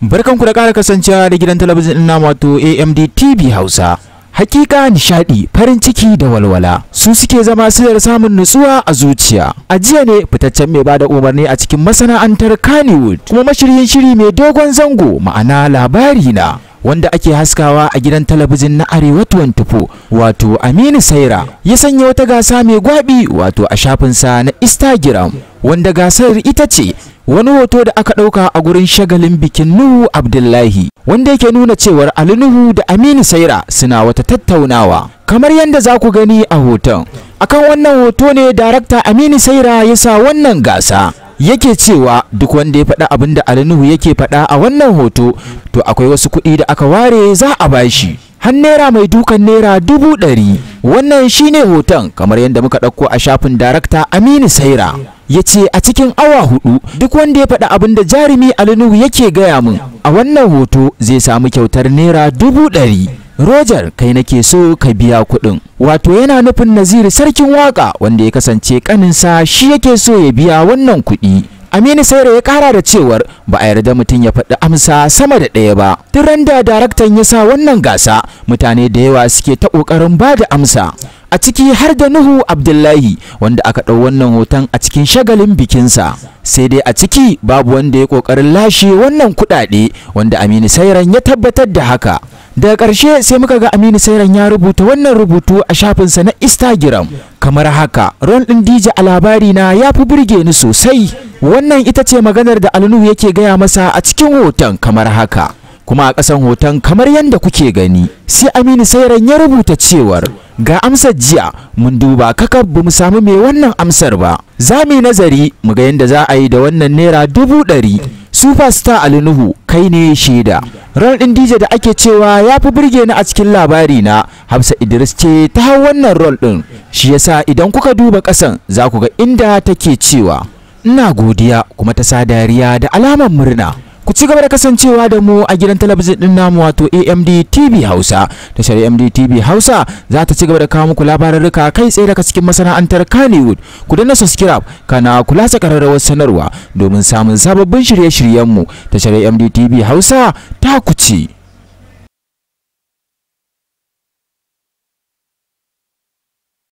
Barkanku da kara kasancewa da gidan talabijin na wato AMD TV Hausa. Hakika nishadi farin ciki da walwala su suke zama sayar samun nutsuwa a zuciya. A jiya ne fitaccen mai bada umarni a cikin masana'antar Kannywood kuma mashiryin shiri mai dogon zango ma'ana labari na. wanda ake haskawa a gidan talabijin na Arewa 24 wato Aminu Saira ya sanya wata gasa mai gwabi wato a shafinsa na Instagram wanda gasar ita ce wani hoto da aka ɗauka a gurin shagalin bikin Nuhu Abdullahi wanda yake nuna cewa Ali Nuhu da Aminu Saira suna wata tattaunawa kamar yadda za ku gani a hoton akan wannan hoto ne darakta Aminu Saira ya sa wannan gasa yake cewa duk wanda ya faɗa abin da Ali Nuhu yake faɗa a wannan hoto to akwai wasu kuɗi da aka ware za a bashi har naira mai dukan naira dubu ɗari wannan shine hoton kamar yadda muka ɗauko a shafin darakta Aminu Saira ya ce a cikin awa hudu duk wanda ya faɗi abin da jarumi alinu yake gaya min a wannan hoto zai samu kyautar naira dubu ɗari Roger kai nake so ka biya kuɗin wato yana nufin Naziri sarkin waka wanda ya kasance kaninsa shi yake so ya biya wannan kuɗi Aminu Saira ya kara da cewar ba a yarda mutum ya faɗi amsa sama da ɗaya ba. Duk da daraktan ya sa wannan gasa mutane da yawa suke ta ƙoƙarin ba da amsa. a ciki har da Nuhu Abdullahi wanda aka ɗau wannan hoton a cikin shagalin bikinsa sai dai a ciki babu wanda ya ƙoƙarin lashe wannan kuɗaɗe wanda Aminu Sairan ya tabbatar da haka daga ƙarshe sai muka ga Aminu Sairan ya rubuta wannan rubutu a shafinsa na Instagram kamar haka ron ɗin DJ a labari na ya fi burge ni sosai wannan ita ce maganar da Alnuhu yake gaya masa a cikin hoton kamar haka kuma a ƙasan hoton kamar yadda kuke gani sai Aminu Sairan ya rubuta cewar ga amsar jiya mun duba kakar bamu mu samu mai wannan amsar ba za mu yi nazari mu ga yadda za a yi da wannan naira dubu ɗari superstar alinuhu kai ne shaida ran ɗin dj da ake cewa ya fi birge ni a cikin labari na hafsa idris ce ta hau wannan rol ɗin shi yasa idan kuka duba ƙasan za ku ga inda take cewa ina godiya kuma ta sa dariya da alamar murna ku ci gaba da kasancewa da mu a gidan talabijin din namu wato AMD TV Hausa tashar AMD TV Hausa za ta ci gaba da kawo muku labarurruka kai tsaye daga cikin masana'antar Kannywood ku danna subscribe kana kula sa kararrawar sanarwa domin samun sababbin shirye-shiryen mu tashar AMD TV Hausa ta ku ci